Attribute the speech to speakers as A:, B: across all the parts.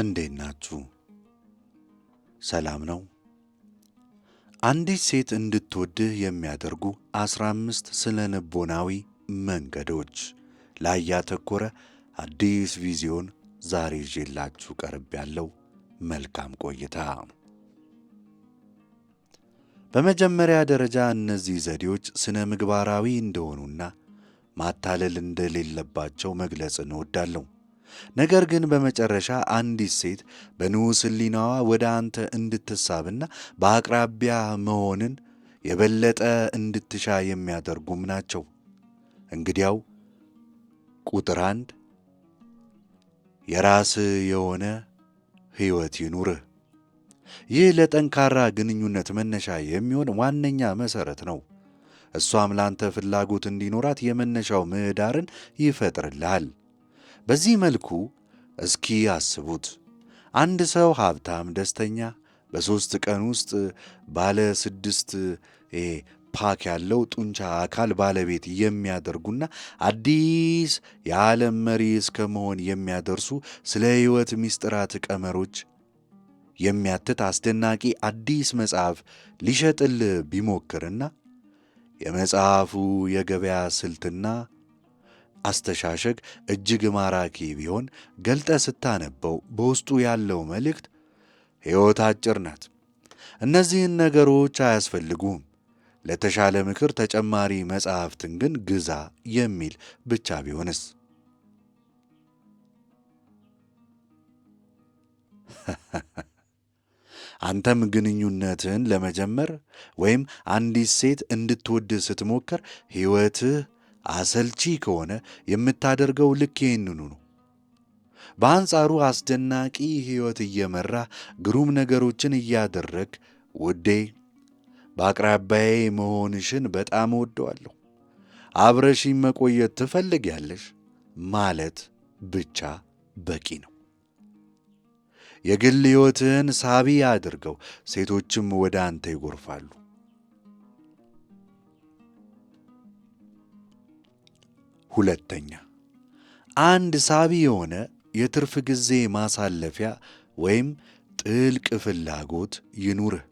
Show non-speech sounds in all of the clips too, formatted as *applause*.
A: እንዴት ናችሁ? ሰላም ነው። አንዲት ሴት እንድትወድህ የሚያደርጉ አስራ አምስት ስነ ልቦናዊ መንገዶች ላይ ያተኮረ አዲስ ቪዚዮን ዛሬ ይዤላችሁ ቀርብ ያለው መልካም ቆይታ። በመጀመሪያ ደረጃ እነዚህ ዘዴዎች ስነ ምግባራዊ እንደሆኑና ማታለል እንደሌለባቸው መግለጽ እንወዳለሁ። ነገር ግን በመጨረሻ አንዲት ሴት በንዑስ ሕሊናዋ ወደ አንተ እንድትሳብና በአቅራቢያ መሆንን የበለጠ እንድትሻ የሚያደርጉም ናቸው። እንግዲያው ቁጥር አንድ የራስ የሆነ ሕይወት ይኑርህ። ይህ ለጠንካራ ግንኙነት መነሻ የሚሆን ዋነኛ መሠረት ነው። እሷም ላንተ ፍላጎት እንዲኖራት የመነሻው ምህዳርን ይፈጥርልሃል። በዚህ መልኩ እስኪ አስቡት አንድ ሰው ሀብታም፣ ደስተኛ በሦስት ቀን ውስጥ ባለ ስድስት ፓክ ያለው ጡንቻ አካል ባለቤት የሚያደርጉና አዲስ የዓለም መሪ እስከ መሆን የሚያደርሱ ስለ ሕይወት ምስጢራት ቀመሮች የሚያትት አስደናቂ አዲስ መጽሐፍ ሊሸጥል ቢሞክርና የመጽሐፉ የገበያ ስልትና አስተሻሸግ እጅግ ማራኪ ቢሆን ገልጠ ስታነበው በውስጡ ያለው መልእክት ሕይወት አጭር ናት፣ እነዚህን ነገሮች አያስፈልጉም፣ ለተሻለ ምክር ተጨማሪ መጻሕፍትን ግን ግዛ የሚል ብቻ ቢሆንስ? *laughs* አንተም ግንኙነትን ለመጀመር ወይም አንዲት ሴት እንድትወድህ ስትሞክር ሕይወትህ አሰልቺ ከሆነ የምታደርገው ልክ ይህንኑ ነው። በአንጻሩ አስደናቂ ሕይወት እየመራ ግሩም ነገሮችን እያደረግ ውዴ በአቅራቢያዬ መሆንሽን በጣም እወደዋለሁ፣ አብረሽኝ መቆየት ትፈልጊያለሽ ማለት ብቻ በቂ ነው። የግል ሕይወትህን ሳቢ አድርገው፣ ሴቶችም ወደ አንተ ይጎርፋሉ። ሁለተኛ አንድ ሳቢ የሆነ የትርፍ ጊዜ ማሳለፊያ ወይም ጥልቅ ፍላጎት ይኑርህ።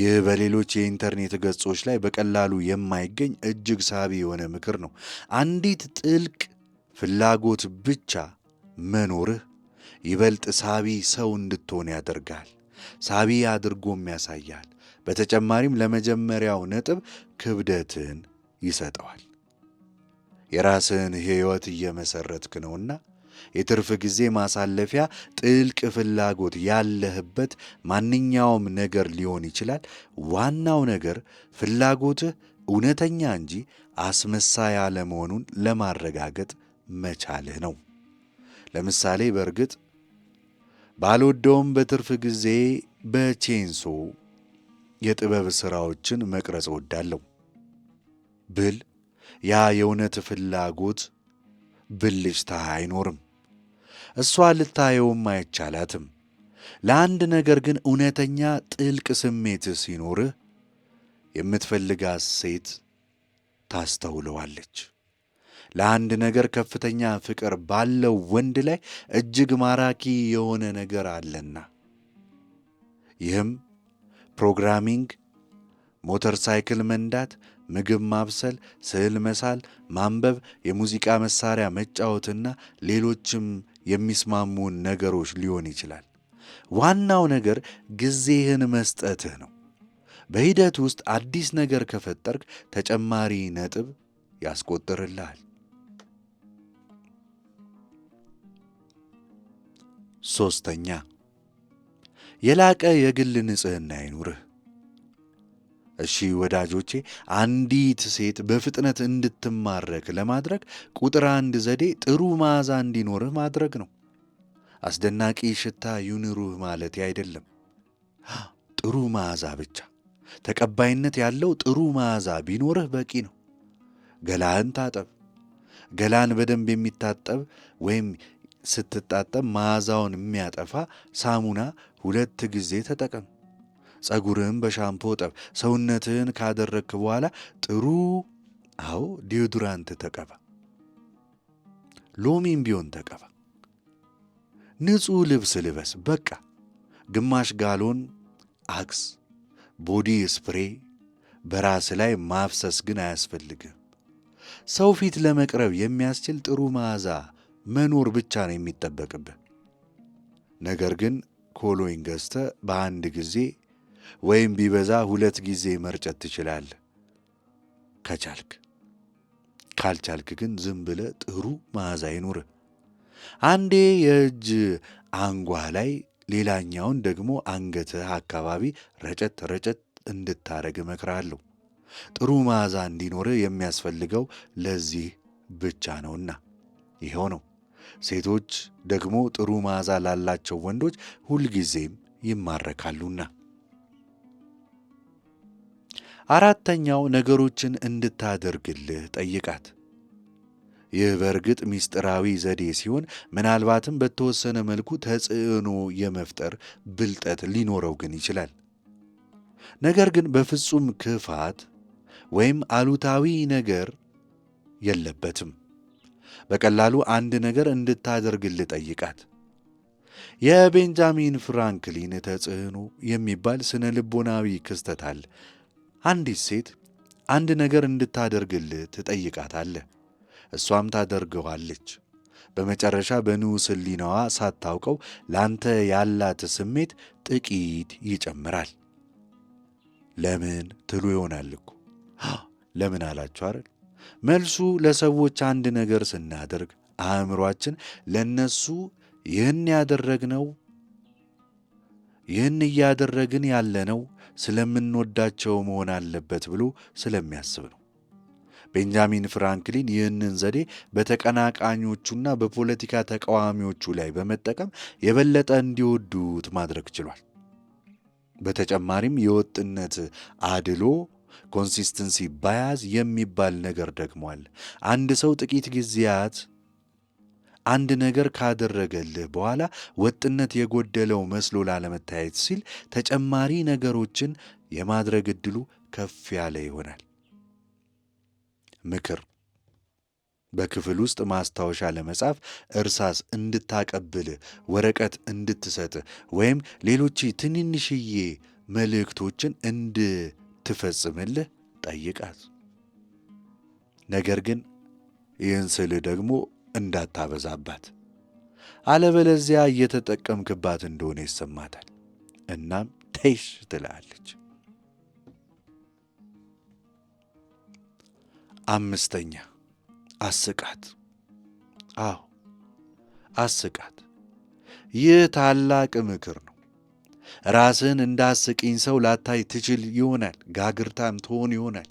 A: ይህ በሌሎች የኢንተርኔት ገጾች ላይ በቀላሉ የማይገኝ እጅግ ሳቢ የሆነ ምክር ነው። አንዲት ጥልቅ ፍላጎት ብቻ መኖርህ ይበልጥ ሳቢ ሰው እንድትሆን ያደርጋል፣ ሳቢ አድርጎም ያሳያል። በተጨማሪም ለመጀመሪያው ነጥብ ክብደትን ይሰጠዋል። የራስህን ሕይወት እየመሠረትክ ነውና የትርፍ ጊዜ ማሳለፊያ ጥልቅ ፍላጎት ያለህበት ማንኛውም ነገር ሊሆን ይችላል። ዋናው ነገር ፍላጎትህ እውነተኛ እንጂ አስመሳይ አለመሆኑን ለማረጋገጥ መቻልህ ነው። ለምሳሌ በእርግጥ ባልወደውም በትርፍ ጊዜ በቼንሶ የጥበብ ሥራዎችን መቅረጽ እወዳለሁ ብል ያ የእውነት ፍላጎት ብልጭታ አይኖርም። እሷ ልታየውም አይቻላትም። ለአንድ ነገር ግን እውነተኛ ጥልቅ ስሜት ሲኖርህ የምትፈልጋት ሴት ታስተውለዋለች። ለአንድ ነገር ከፍተኛ ፍቅር ባለው ወንድ ላይ እጅግ ማራኪ የሆነ ነገር አለና ይህም ፕሮግራሚንግ፣ ሞተር ሳይክል መንዳት፣ ምግብ ማብሰል፣ ስዕል መሳል፣ ማንበብ፣ የሙዚቃ መሳሪያ መጫወትና ሌሎችም የሚስማሙን ነገሮች ሊሆን ይችላል። ዋናው ነገር ጊዜህን መስጠትህ ነው። በሂደት ውስጥ አዲስ ነገር ከፈጠርክ ተጨማሪ ነጥብ ያስቆጥርልሃል። ሶስተኛ የላቀ የግል ንጽህና ይኑርህ። እሺ ወዳጆቼ፣ አንዲት ሴት በፍጥነት እንድትማረክ ለማድረግ ቁጥር አንድ ዘዴ ጥሩ መዓዛ እንዲኖርህ ማድረግ ነው። አስደናቂ ሽታ ይኑርህ ማለት አይደለም፣ ጥሩ መዓዛ ብቻ። ተቀባይነት ያለው ጥሩ መዓዛ ቢኖርህ በቂ ነው። ገላህን ታጠብ። ገላን በደንብ የሚታጠብ ወይም ስትታጠብ መዓዛውን የሚያጠፋ ሳሙና ሁለት ጊዜ ተጠቀም። ጸጉርም በሻምፖ ጠብ፣ ሰውነትን ካደረግክ በኋላ ጥሩ አዎ ዲዮድራንት ተቀባ፣ ሎሚም ቢሆን ተቀባ፣ ንጹህ ልብስ ልበስ። በቃ ግማሽ ጋሎን አክስ ቦዲ ስፕሬ በራስ ላይ ማፍሰስ ግን አያስፈልግም። ሰው ፊት ለመቅረብ የሚያስችል ጥሩ መዓዛ መኖር ብቻ ነው የሚጠበቅብህ። ነገር ግን ኮሎኝ ገዝተ በአንድ ጊዜ ወይም ቢበዛ ሁለት ጊዜ መርጨት ትችላለህ ከቻልክ። ካልቻልክ ግን ዝም ብለህ ጥሩ መዓዛ ይኑርህ። አንዴ የእጅ አንጓ ላይ ሌላኛውን ደግሞ አንገትህ አካባቢ ረጨት ረጨት እንድታረግ እመክራለሁ። ጥሩ መዓዛ እንዲኖርህ የሚያስፈልገው ለዚህ ብቻ ነውና ይኸው ነው። ሴቶች ደግሞ ጥሩ መዓዛ ላላቸው ወንዶች ሁልጊዜም ይማረካሉና አራተኛው ነገሮችን እንድታደርግልህ ጠይቃት። ይህ በእርግጥ ምስጢራዊ ዘዴ ሲሆን ምናልባትም በተወሰነ መልኩ ተጽዕኖ የመፍጠር ብልጠት ሊኖረው ግን ይችላል። ነገር ግን በፍጹም ክፋት ወይም አሉታዊ ነገር የለበትም። በቀላሉ አንድ ነገር እንድታደርግልህ ጠይቃት። የቤንጃሚን ፍራንክሊን ተጽዕኖ የሚባል ስነ ልቦናዊ ክስተት አለ። አንዲት ሴት አንድ ነገር እንድታደርግልህ ትጠይቃታለህ። እሷም ታደርገዋለች። በመጨረሻ በንዑስ ሕሊናዋ ሳታውቀው ላንተ ያላት ስሜት ጥቂት ይጨምራል። ለምን ትሉ ይሆናል እኮ ለምን አላችሁ አይደል? መልሱ ለሰዎች አንድ ነገር ስናደርግ አእምሯችን ለነሱ ይህን ያደረግነው ይህን እያደረግን ያለነው ስለምንወዳቸው መሆን አለበት ብሎ ስለሚያስብ ነው። ቤንጃሚን ፍራንክሊን ይህንን ዘዴ በተቀናቃኞቹና በፖለቲካ ተቃዋሚዎቹ ላይ በመጠቀም የበለጠ እንዲወዱት ማድረግ ችሏል። በተጨማሪም የወጥነት አድሎ ኮንሲስተንሲ ባያዝ የሚባል ነገር ደግሟል። አንድ ሰው ጥቂት ጊዜያት አንድ ነገር ካደረገልህ በኋላ ወጥነት የጎደለው መስሎ ላለመታየት ሲል ተጨማሪ ነገሮችን የማድረግ ዕድሉ ከፍ ያለ ይሆናል። ምክር በክፍል ውስጥ ማስታወሻ ለመጻፍ እርሳስ እንድታቀብል ወረቀት እንድትሰጥ ወይም ሌሎች ትንንሽዬ መልእክቶችን እንድትፈጽምልህ ጠይቃት። ነገር ግን ይህን ስልህ ደግሞ እንዳታበዛባት፣ አለበለዚያ እየተጠቀምክባት እንደሆነ ይሰማታል። እናም ተይሽ ትላለች። አምስተኛ አስቃት። አዎ አስቃት። ይህ ታላቅ ምክር ነው። ራስን እንዳስቂኝ አስቂኝ ሰው ላታይ ትችል ይሆናል፣ ጋግርታም ትሆን ይሆናል።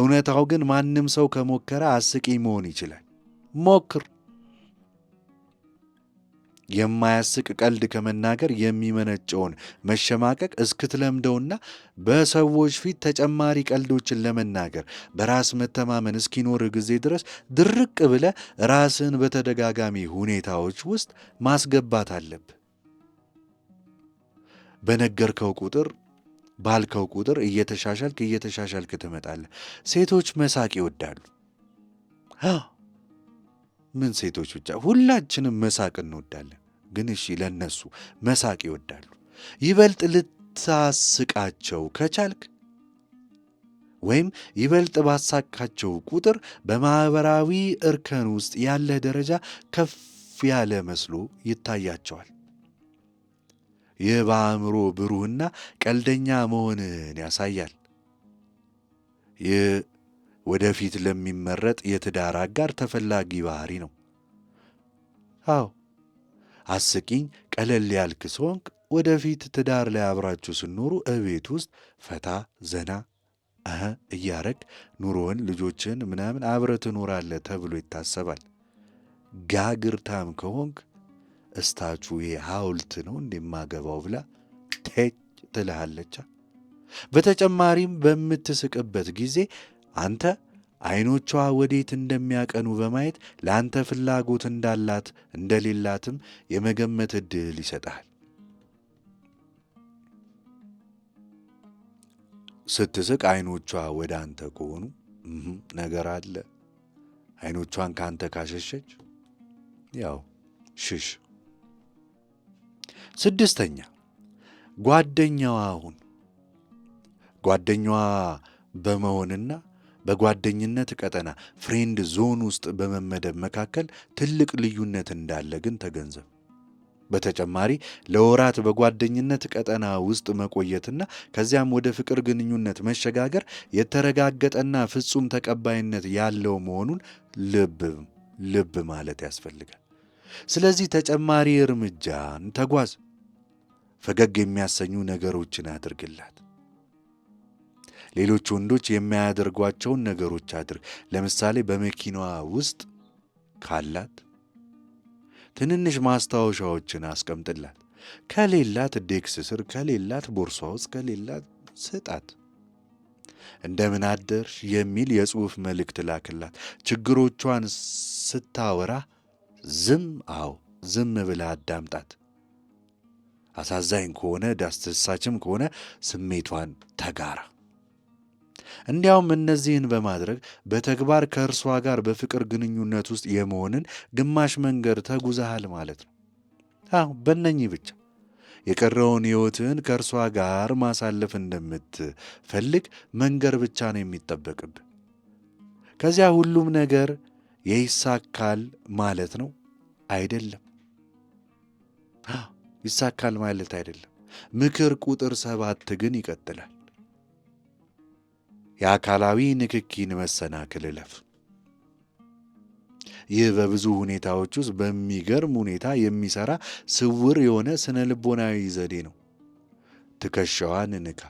A: እውነታው ግን ማንም ሰው ከሞከረ አስቂኝ መሆን ይችላል። ሞክር። የማያስቅ ቀልድ ከመናገር የሚመነጨውን መሸማቀቅ እስክትለምደውና በሰዎች ፊት ተጨማሪ ቀልዶችን ለመናገር በራስ መተማመን እስኪኖር ጊዜ ድረስ ድርቅ ብለ ራስን በተደጋጋሚ ሁኔታዎች ውስጥ ማስገባት አለብ። በነገርከው ቁጥር ባልከው ቁጥር እየተሻሻልክ እየተሻሻልክ ትመጣለህ። ሴቶች መሳቅ ይወዳሉ። ምን ሴቶች ብቻ ሁላችንም መሳቅ እንወዳለን። ግን እሺ ለነሱ መሳቅ ይወዳሉ። ይበልጥ ልታስቃቸው ከቻልክ ወይም ይበልጥ ባሳካቸው ቁጥር በማኅበራዊ እርከን ውስጥ ያለ ደረጃ ከፍ ያለ መስሎ ይታያቸዋል። ይህ በአእምሮ ብሩህና ቀልደኛ መሆንን ያሳያል። ይህ ወደፊት ለሚመረጥ የትዳር አጋር ተፈላጊ ባህሪ ነው። አዎ አስቂኝ፣ ቀለል ያልክ ስሆንክ ወደፊት ትዳር ላይ አብራችሁ ስኖሩ እቤት ውስጥ ፈታ ዘና አህ እያረግ ኑሮን ልጆችን ምናምን አብረ ትኖራለህ ተብሎ ይታሰባል። ጋግርታም ከሆንክ እስታቹ ይሄ ሐውልት ነው እንደማገባው ብላ ቴጭ ትልሃለቻ። በተጨማሪም በምትስቅበት ጊዜ አንተ ዐይኖቿ ወዴት እንደሚያቀኑ በማየት ለአንተ ፍላጎት እንዳላት እንደሌላትም የመገመት ዕድል ይሰጣል። ስትስቅ ዐይኖቿ ወደ አንተ ከሆኑ ነገር አለ። ዐይኖቿን ከአንተ ካሸሸች ያው ሽሽ። ስድስተኛ ጓደኛዋ አሁን ጓደኛዋ በመሆንና በጓደኝነት ቀጠና ፍሬንድ ዞን ውስጥ በመመደብ መካከል ትልቅ ልዩነት እንዳለ ግን ተገንዘብ። በተጨማሪ ለወራት በጓደኝነት ቀጠና ውስጥ መቆየትና ከዚያም ወደ ፍቅር ግንኙነት መሸጋገር የተረጋገጠና ፍጹም ተቀባይነት ያለው መሆኑን ልብ ልብ ማለት ያስፈልጋል። ስለዚህ ተጨማሪ እርምጃን ተጓዝ። ፈገግ የሚያሰኙ ነገሮችን አድርግላት። ሌሎች ወንዶች የማያደርጓቸውን ነገሮች አድርግ። ለምሳሌ በመኪናዋ ውስጥ ካላት ትንንሽ ማስታወሻዎችን አስቀምጥላት። ከሌላት ዴክስ ስር፣ ከሌላት ቦርሷ ውስጥ፣ ከሌላት ስጣት። እንደምን አደርሽ የሚል የጽሑፍ መልእክት ላክላት። ችግሮቿን ስታወራ ዝም አዎ ዝም ብለህ አዳምጣት። አሳዛኝ ከሆነ ዳስተሳችም ከሆነ ስሜቷን ተጋራ። እንዲያውም እነዚህን በማድረግ በተግባር ከእርሷ ጋር በፍቅር ግንኙነት ውስጥ የመሆንን ግማሽ መንገድ ተጉዛሃል ማለት ነው። አዎ በነኚህ ብቻ የቀረውን ሕይወትን ከእርሷ ጋር ማሳለፍ እንደምትፈልግ መንገር ብቻ ነው የሚጠበቅብ። ከዚያ ሁሉም ነገር ይሳካል ማለት ነው አይደለም። ይሳካል ማለት አይደለም። ምክር ቁጥር ሰባት ግን ይቀጥላል። የአካላዊ ንክኪን መሰናክል እለፍ። ይህ በብዙ ሁኔታዎች ውስጥ በሚገርም ሁኔታ የሚሰራ ስውር የሆነ ስነ ልቦናዊ ዘዴ ነው። ትከሻዋን ንካ።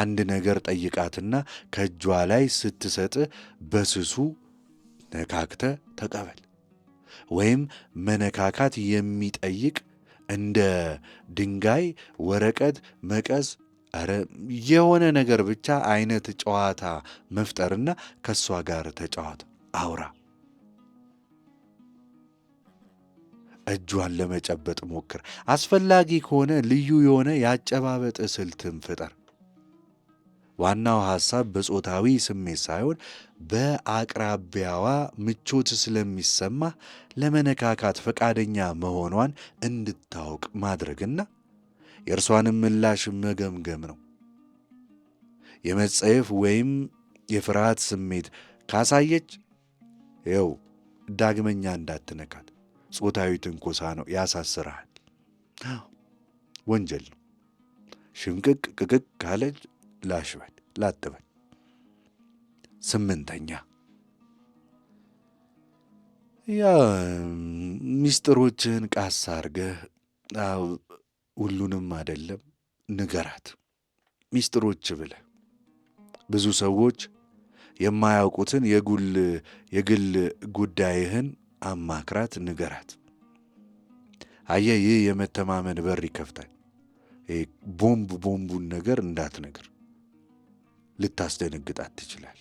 A: አንድ ነገር ጠይቃትና ከእጇ ላይ ስትሰጥ በስሱ ነካክተ ተቀበል። ወይም መነካካት የሚጠይቅ እንደ ድንጋይ፣ ወረቀት፣ መቀስ ኧረ የሆነ ነገር ብቻ አይነት ጨዋታ መፍጠርና ከእሷ ጋር ተጫዋት፣ አውራ። እጇን ለመጨበጥ ሞክር። አስፈላጊ ከሆነ ልዩ የሆነ የአጨባበጥ ስልትም ፍጠር። ዋናው ሐሳብ በጾታዊ ስሜት ሳይሆን በአቅራቢያዋ ምቾት ስለሚሰማ ለመነካካት ፈቃደኛ መሆኗን እንድታውቅ ማድረግና የእርሷንም ምላሽ መገምገም ነው። የመጸየፍ ወይም የፍርሃት ስሜት ካሳየች ይኸው ዳግመኛ እንዳትነካት። ጾታዊ ትንኮሳ ነው፣ ያሳስርሃል። ወንጀል ነው። ሽምቅቅ ቅቅቅ ካለች ላሽበል ላትበል። ስምንተኛ ያ ሚስጥሮችን ቃስ አርገህ ሁሉንም አይደለም ንገራት፣ ሚስጥሮች ብለህ ብዙ ሰዎች የማያውቁትን የግል ጉዳይህን አማክራት፣ ንገራት። አየህ፣ ይህ የመተማመን በር ይከፍታል። ቦምብ ቦምቡን ነገር እንዳትነግር፣ ልታስደነግጣት ትችላል።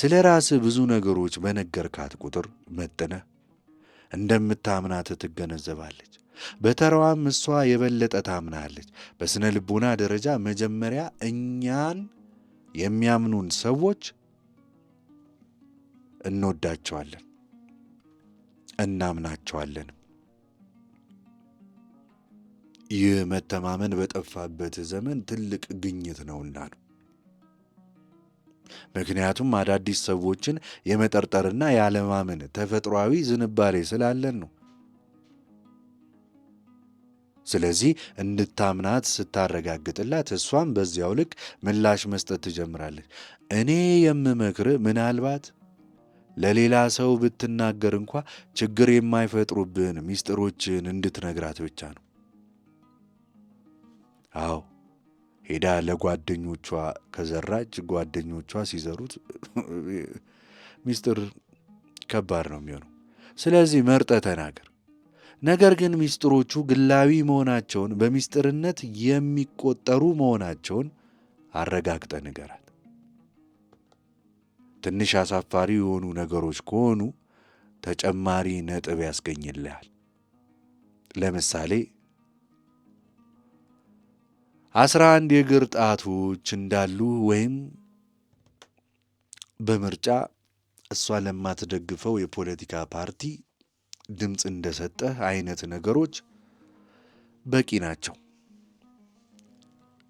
A: ስለ ራስህ ብዙ ነገሮች በነገርካት ቁጥር መጥነህ እንደምታምናት ትገነዘባለች። በተራዋም እሷ የበለጠ ታምናለች። በስነ ልቦና ደረጃ መጀመሪያ እኛን የሚያምኑን ሰዎች እንወዳቸዋለን፣ እናምናቸዋለን። ይህ መተማመን በጠፋበት ዘመን ትልቅ ግኝት ነውና ነው። ምክንያቱም አዳዲስ ሰዎችን የመጠርጠርና ያለማመን ተፈጥሯዊ ዝንባሌ ስላለን ነው። ስለዚህ እንድታምናት ስታረጋግጥላት እሷም በዚያው ልክ ምላሽ መስጠት ትጀምራለች። እኔ የምመክር ምናልባት ለሌላ ሰው ብትናገር እንኳ ችግር የማይፈጥሩብን ሚስጥሮችን እንድትነግራት ብቻ ነው። አዎ ሄዳ ለጓደኞቿ ከዘራች ጓደኞቿ ሲዘሩት ሚስጥር ከባድ ነው የሚሆነው። ስለዚህ መርጠ ተናገር። ነገር ግን ምስጢሮቹ ግላዊ መሆናቸውን በምስጢርነት የሚቆጠሩ መሆናቸውን አረጋግጠ ንገራት። ትንሽ አሳፋሪ የሆኑ ነገሮች ከሆኑ ተጨማሪ ነጥብ ያስገኝልሃል። ለምሳሌ አስራ አንድ የእግር ጣቶች እንዳሉ ወይም በምርጫ እሷ ለማትደግፈው የፖለቲካ ፓርቲ ድምፅ እንደሰጠህ አይነት ነገሮች በቂ ናቸው።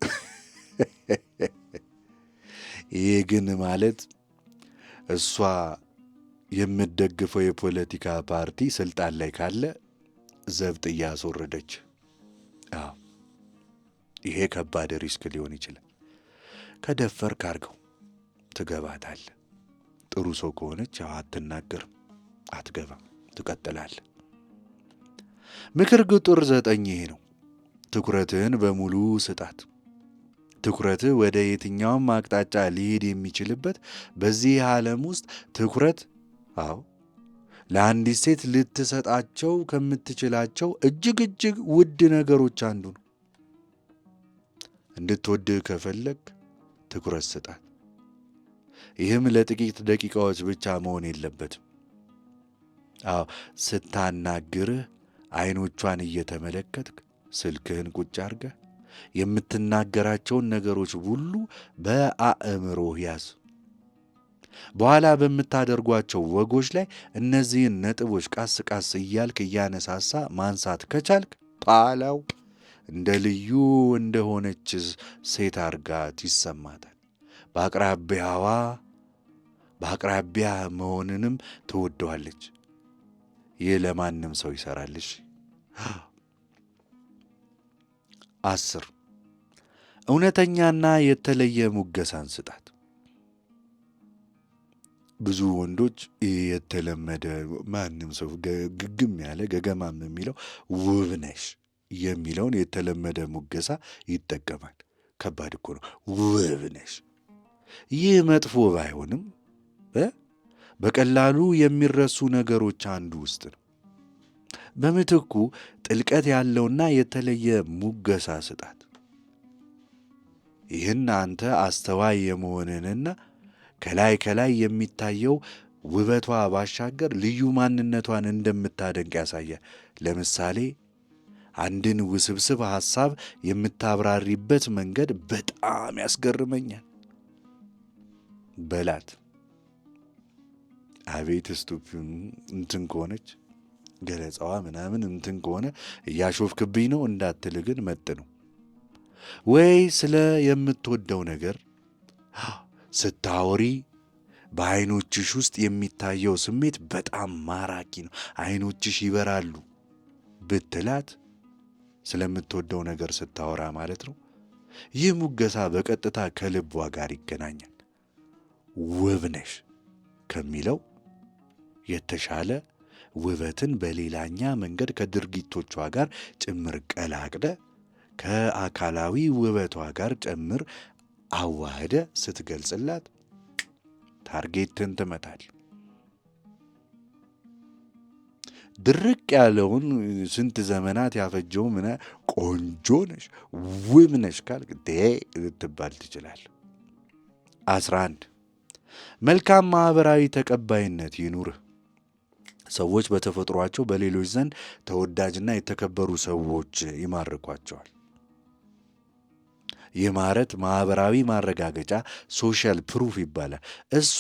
A: *laughs* ይህ ግን ማለት እሷ የምትደግፈው የፖለቲካ ፓርቲ ስልጣን ላይ ካለ ዘብጥ እያስወረደች፣ ይሄ ከባድ ሪስክ ሊሆን ይችላል። ከደፈር ካርገው ትገባታለህ። ጥሩ ሰው ከሆነች አትናገርም፣ አትገባም። ትቀጥላለህ። ምክር ቁጥር ዘጠኝ ይሄ ነው። ትኩረትህን በሙሉ ስጣት። ትኩረትህ ወደ የትኛውም አቅጣጫ ሊሄድ የሚችልበት በዚህ ዓለም ውስጥ ትኩረት አዎ ለአንዲት ሴት ልትሰጣቸው ከምትችላቸው እጅግ እጅግ ውድ ነገሮች አንዱ ነው። እንድትወድህ ከፈለግ ትኩረት ስጣት። ይህም ለጥቂት ደቂቃዎች ብቻ መሆን የለበትም። አዎ ስታናግርህ አይኖቿን እየተመለከትክ ስልክህን ቁጭ አርገህ የምትናገራቸውን ነገሮች ሁሉ በአእምሮህ ያዝ። በኋላ በምታደርጓቸው ወጎች ላይ እነዚህን ነጥቦች ቃስ ቃስ እያልክ እያነሳሳ ማንሳት ከቻልክ ጣላው እንደ ልዩ እንደሆነች ሴት አርጋት ይሰማታል። በአቅራቢያዋ በአቅራቢያ መሆንንም ትወደዋለች። ይህ ለማንም ሰው ይሰራልሽ። አስር እውነተኛና የተለየ ሙገሳን ስጣት። ብዙ ወንዶች የተለመደ ማንም ሰው ግግም ያለ ገገማም የሚለው ውብ ነሽ የሚለውን የተለመደ ሙገሳ ይጠቀማል። ከባድ እኮ ነው። ውብ ነሽ። ይህ መጥፎ ባይሆንም በቀላሉ የሚረሱ ነገሮች አንዱ ውስጥ ነው። በምትኩ ጥልቀት ያለውና የተለየ ሙገሳ ስጣት። ይህን አንተ አስተዋይ የመሆንንና ከላይ ከላይ የሚታየው ውበቷ ባሻገር ልዩ ማንነቷን እንደምታደንቅ ያሳያል። ለምሳሌ አንድን ውስብስብ ሐሳብ የምታብራሪበት መንገድ በጣም ያስገርመኛል በላት። አቤት ስቱፕ እንትን ከሆነች ገለጻዋ ምናምን እንትን ከሆነ እያሾፍክብኝ ነው እንዳትል ግን መጥ ነው ወይ ስለ የምትወደው ነገር ስታወሪ በአይኖችሽ ውስጥ የሚታየው ስሜት በጣም ማራኪ ነው፣ አይኖችሽ ይበራሉ ብትላት ስለምትወደው ነገር ስታወራ ማለት ነው። ይህ ሙገሳ በቀጥታ ከልቧ ጋር ይገናኛል። ውብ ነሽ ከሚለው የተሻለ ውበትን በሌላኛ መንገድ ከድርጊቶቿ ጋር ጭምር ቀላቅደ ከአካላዊ ውበቷ ጋር ጭምር አዋህደ ስትገልጽላት ታርጌትን ትመታል። ድርቅ ያለውን ስንት ዘመናት ያፈጀው ምነ ቆንጆ ነሽ ውብ ነሽ ካልክ ልትባል ትችላል። አስራ አንድ መልካም ማኅበራዊ ተቀባይነት ይኑርህ። ሰዎች በተፈጥሯቸው በሌሎች ዘንድ ተወዳጅና የተከበሩ ሰዎች ይማርኳቸዋል። ይህ ማረት ማህበራዊ ማረጋገጫ ሶሻል ፕሩፍ ይባላል። እሷ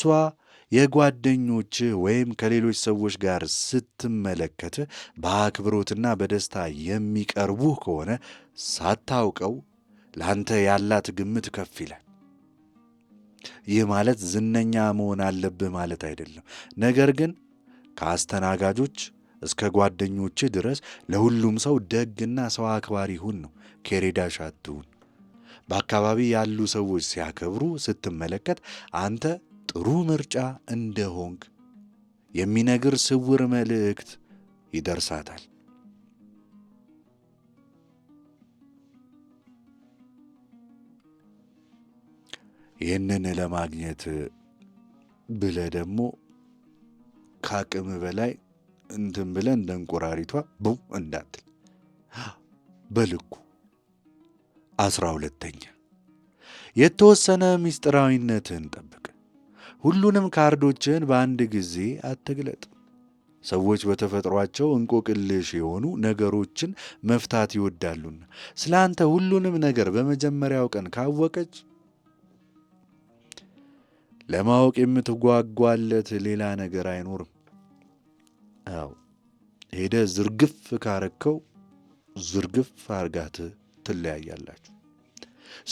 A: የጓደኞች ወይም ከሌሎች ሰዎች ጋር ስትመለከት በአክብሮትና በደስታ የሚቀርቡህ ከሆነ ሳታውቀው ለአንተ ያላት ግምት ከፍ ይላል። ይህ ማለት ዝነኛ መሆን አለብህ ማለት አይደለም፣ ነገር ግን ከአስተናጋጆች እስከ ጓደኞች ድረስ ለሁሉም ሰው ደግና ሰው አክባሪ ሁን ነው። ኬሬዳ ሻትሁን በአካባቢ ያሉ ሰዎች ሲያከብሩ ስትመለከት አንተ ጥሩ ምርጫ እንደሆንክ የሚነግር ስውር መልእክት ይደርሳታል። ይህንን ለማግኘት ብለህ ደግሞ ከአቅም በላይ እንትን ብለ እንደ እንቁራሪቷ ቡም እንዳትል በልኩ። አስራ ሁለተኛ የተወሰነ ምስጢራዊነትን ጠብቅ። ሁሉንም ካርዶችን በአንድ ጊዜ አትግለጥ። ሰዎች በተፈጥሯቸው እንቆቅልሽ የሆኑ ነገሮችን መፍታት ይወዳሉና ስለ አንተ ሁሉንም ነገር በመጀመሪያው ቀን ካወቀች ለማወቅ የምትጓጓለት ሌላ ነገር አይኖርም። አዎ ሄደ ዝርግፍ ካረከው ዝርግፍ አርጋት ትለያያላችሁ።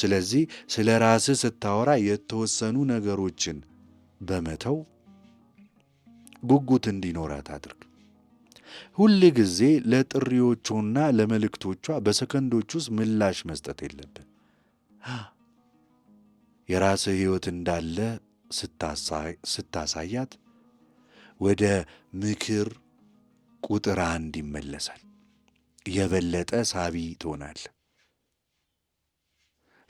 A: ስለዚህ ስለ ራስህ ስታወራ የተወሰኑ ነገሮችን በመተው ጉጉት እንዲኖራት አድርግ። ሁል ጊዜ ለጥሪዎቹና ለመልእክቶቿ በሰከንዶች ውስጥ ምላሽ መስጠት የለብን። የራስህ ሕይወት እንዳለ ስታሳያት ወደ ምክር ቁጥር አንድ ይመለሳል። የበለጠ ሳቢ ትሆናል።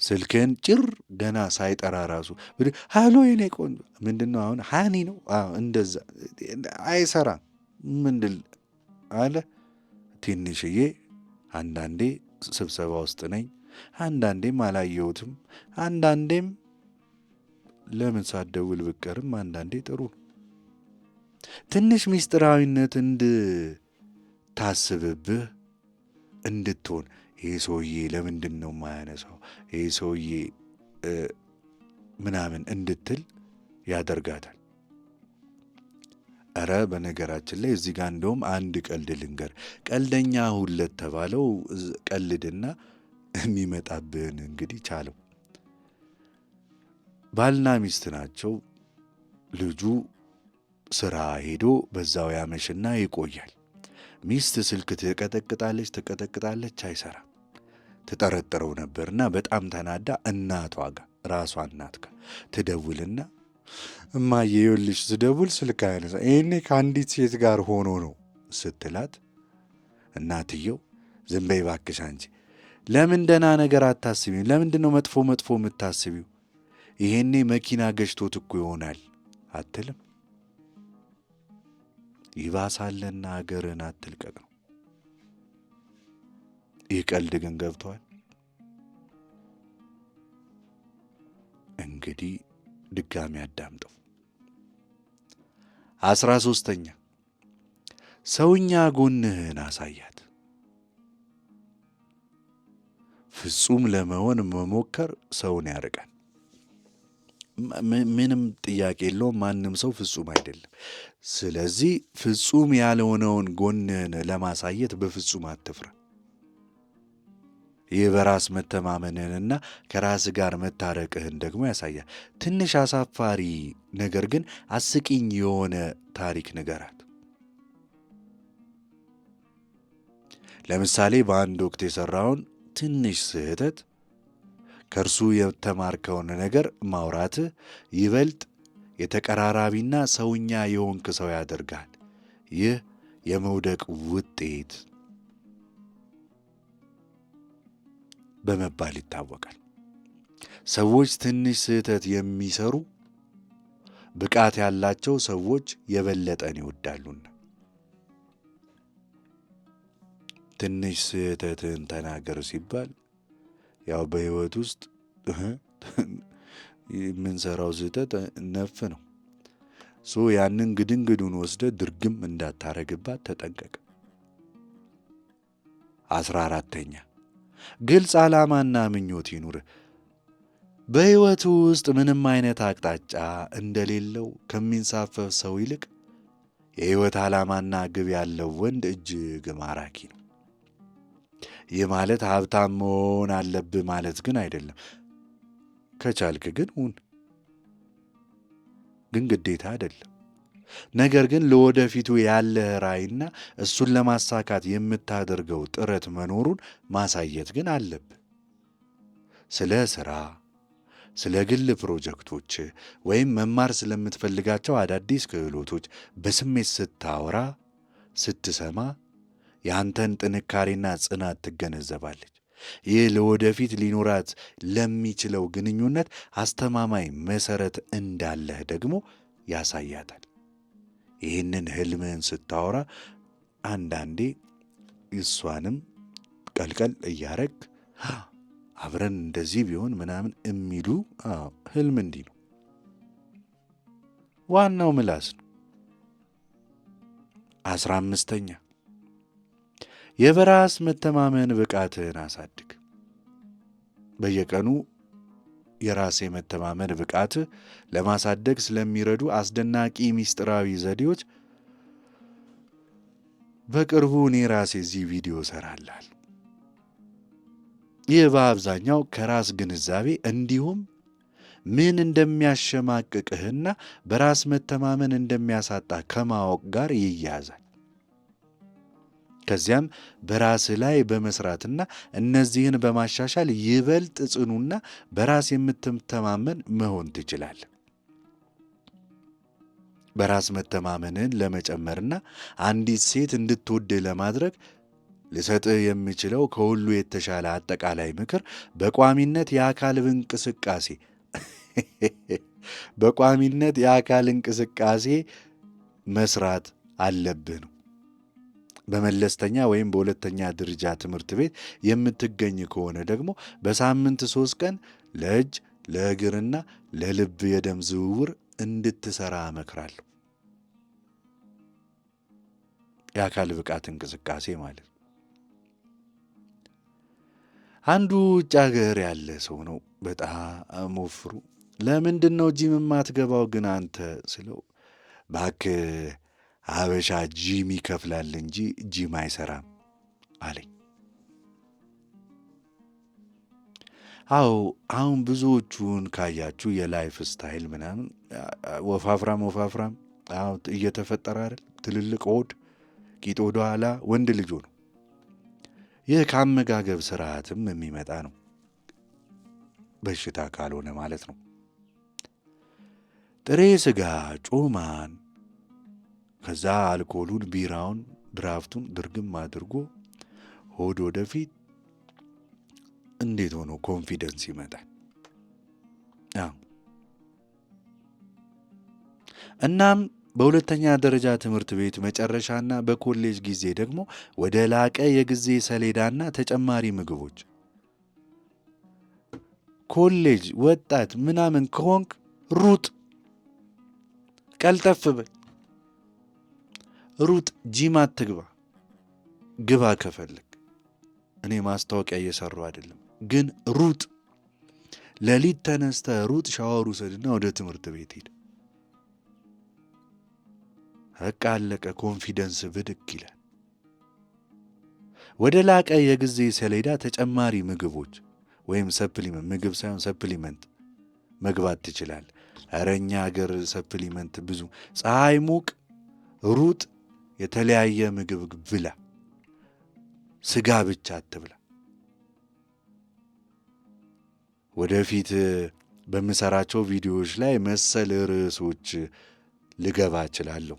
A: ስልክን ጭር ገና ሳይጠራ ራሱ ሀሎ የኔ ቆንጆ ምንድን ነው አሁን ሀኒ ነው እንደዛ አይሰራም። ምንድል አለ ትንሽዬ አንዳንዴ ስብሰባ ውስጥ ነኝ፣ አንዳንዴም አላየሁትም፣ አንዳንዴም ለምን ሳደውል ብቀርም አንዳንዴ ጥሩ ነው። ትንሽ ምስጢራዊነት እንድታስብብህ እንድትሆን ይህ ሰውዬ ለምንድን ነው የማያነሳው? ይህ ሰውዬ ምናምን እንድትል ያደርጋታል። እረ በነገራችን ላይ እዚህ ጋር እንደውም አንድ ቀልድ ልንገር። ቀልደኛ ሁለት ተባለው ቀልድና የሚመጣብህን እንግዲህ ቻለው። ባልና ሚስት ናቸው። ልጁ ስራ ሄዶ በዛው ያመሽና ይቆያል። ሚስት ስልክ ትቀጠቅጣለች ትቀጠቅጣለች፣ አይሰራም። ትጠረጥረው ነበርና በጣም ተናዳ እናቷ ጋር ራሷ እናት ጋር ትደውልና እማዬ ይኸውልሽ ስደውል ስልክ አያነሳ ይህኔ ከአንዲት ሴት ጋር ሆኖ ነው ስትላት፣ እናትየው ዝም በይ እባክሽ አንቺ ለምን ደህና ነገር አታስቢም? ለምንድን ነው መጥፎ መጥፎ የምታስቢው? ይሄኔ መኪና ገጭቶት እኮ ይሆናል አትልም ይባሳለና አገርን አትልቀቅ ነው። ይህ ቀልድ ግን ገብቷል። እንግዲህ ድጋሚ አዳምጠው። አስራ ሶስተኛ ሰውኛ ጎንህን አሳያት። ፍጹም ለመሆን መሞከር ሰውን ያርቃል። ምንም ጥያቄ የለውም። ማንም ሰው ፍጹም አይደለም። ስለዚህ ፍጹም ያልሆነውን ጎንህን ለማሳየት በፍጹም አትፍራ። ይህ በራስ መተማመንህንና ከራስ ጋር መታረቅህን ደግሞ ያሳያል። ትንሽ አሳፋሪ ነገር ግን አስቂኝ የሆነ ታሪክ ንገራት። ለምሳሌ በአንድ ወቅት የሰራውን ትንሽ ስህተት ከእርሱ የተማርከውን ነገር ማውራት ይበልጥ የተቀራራቢና ሰውኛ የሆንክ ሰው ያደርጋል። ይህ የመውደቅ ውጤት በመባል ይታወቃል። ሰዎች ትንሽ ስህተት የሚሰሩ ብቃት ያላቸው ሰዎች የበለጠን ይወዳሉና ትንሽ ስህተትን ተናገር ሲባል ያው በህይወት ውስጥ የምንሰራው ስህተት ነፍ ነው። ሶ ያንን ግድንግዱን ወስደ ድርግም እንዳታረግባት ተጠንቀቅ። አስራ አራተኛ ግልጽ ዓላማና ምኞት ይኑር። በሕይወቱ ውስጥ ምንም አይነት አቅጣጫ እንደሌለው ከሚንሳፈፍ ሰው ይልቅ የሕይወት ዓላማና ግብ ያለው ወንድ እጅግ ማራኪ ነው። ይህ ማለት ሀብታም መሆን አለብህ ማለት ግን አይደለም። ከቻልክ ግን ሁን፣ ግን ግዴታ አይደለም። ነገር ግን ለወደፊቱ ያለህ ራዕይና እሱን ለማሳካት የምታደርገው ጥረት መኖሩን ማሳየት ግን አለብህ። ስለ ስራ ስለ ግል ፕሮጀክቶች ወይም መማር ስለምትፈልጋቸው አዳዲስ ክህሎቶች በስሜት ስታወራ ስትሰማ የአንተን ጥንካሬና ጽናት ትገነዘባለች። ይህ ለወደፊት ሊኖራት ለሚችለው ግንኙነት አስተማማኝ መሠረት እንዳለህ ደግሞ ያሳያታል። ይህንን ህልምህን ስታወራ አንዳንዴ እሷንም ቀልቀል እያረግ አብረን እንደዚህ ቢሆን ምናምን የሚሉ ህልም እንዲህ ነው። ዋናው ምላስ ነው። አስራ አምስተኛ የበራስ መተማመን ብቃትህን አሳድግ። በየቀኑ የራሴ መተማመን ብቃት ለማሳደግ ስለሚረዱ አስደናቂ ሚስጥራዊ ዘዴዎች በቅርቡ እኔ ራሴ እዚህ ቪዲዮ ሰራላል። ይህ በአብዛኛው ከራስ ግንዛቤ እንዲሁም ምን እንደሚያሸማቅቅህና በራስ መተማመን እንደሚያሳጣ ከማወቅ ጋር ይያያዛል። ከዚያም በራስህ ላይ በመስራትና እነዚህን በማሻሻል ይበልጥ ጽኑና በራስ የምትተማመን መሆን ትችላል በራስ መተማመንን ለመጨመርና አንዲት ሴት እንድትወድህ ለማድረግ ልሰጥህ የምችለው ከሁሉ የተሻለ አጠቃላይ ምክር በቋሚነት የአካል እንቅስቃሴ በቋሚነት የአካል እንቅስቃሴ መስራት አለብህ ነው። በመለስተኛ ወይም በሁለተኛ ደረጃ ትምህርት ቤት የምትገኝ ከሆነ ደግሞ በሳምንት ሶስት ቀን ለእጅ ለእግርና ለልብ የደም ዝውውር እንድትሰራ እመክራለሁ። የአካል ብቃት እንቅስቃሴ ማለት አንዱ ውጭ ሀገር ያለ ሰው ነው። በጣም ወፍሩ። ለምንድን ነው ጂም የማትገባው ግን አንተ ስለው፣ እባክህ አበሻ ጂም ይከፍላል እንጂ ጂም አይሰራም አለኝ። አዎ አሁን ብዙዎቹን ካያችሁ የላይፍ ስታይል ምናምን ወፋፍራም ወፋፍራም እየተፈጠረ አይደል? ትልልቅ ሆድ፣ ቂጥ ወደ ኋላ፣ ወንድ ልጆ ነው። ይህ ከአመጋገብ ስርዓትም የሚመጣ ነው፣ በሽታ ካልሆነ ማለት ነው። ጥሬ ስጋ፣ ጮማን ከዛ አልኮሉን ቢራውን ድራፍቱን ድርግም አድርጎ ሆድ ወደፊት እንዴት ሆኖ ኮንፊደንስ ይመጣል? እናም በሁለተኛ ደረጃ ትምህርት ቤት መጨረሻና በኮሌጅ ጊዜ ደግሞ ወደ ላቀ የጊዜ ሰሌዳና ተጨማሪ ምግቦች ኮሌጅ ወጣት ምናምን ከሆንክ ሩጥ፣ ቀልጠፍ በል ሩጥ፣ ጂም አትግባ፣ ግባ ከፈልግ። እኔ ማስታወቂያ እየሰሩ አይደለም፣ ግን ሩጥ። ለሊት ተነስተ ሩጥ፣ ሻወር ውሰድና ወደ ትምህርት ቤት ሄድ። በቃ አለቀ። ኮንፊደንስ ብድግ ይላል። ወደ ላቀ የጊዜ ሰሌዳ ተጨማሪ ምግቦች ወይም ሰፕሊመንት፣ ምግብ ሳይሆን ሰፕሊመንት መግባት ትችላል። እረኛ ሀገር ሰፕሊመንት ብዙ። ፀሐይ ሙቅ፣ ሩጥ፣ የተለያየ ምግብ ብላ፣ ስጋ ብቻ አትብላ። ወደፊት በምሰራቸው ቪዲዮዎች ላይ መሰል ርዕሶች ልገባ እችላለሁ።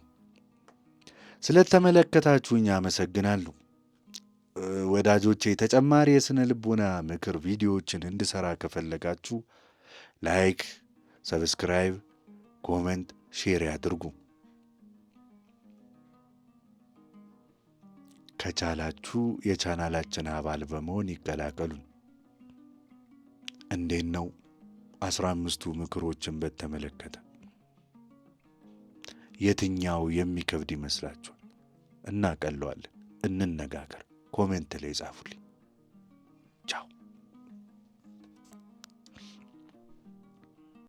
A: ስለተመለከታችሁኝ አመሰግናለሁ። ወዳጆቼ ተጨማሪ የሥነ ልቦና ምክር ቪዲዮዎችን እንድሠራ ከፈለጋችሁ ላይክ፣ ሰብስክራይብ፣ ኮመንት፣ ሼር ያድርጉ። ከቻላችሁ የቻናላችን አባል በመሆን ይቀላቀሉን። እንዴት ነው አስራ አምስቱ ምክሮችን በተመለከተ የትኛው የሚከብድ ይመስላችኋል? እናቀለዋለን። እንነጋገር። ኮሜንት ላይ ጻፉልኝ። ቻው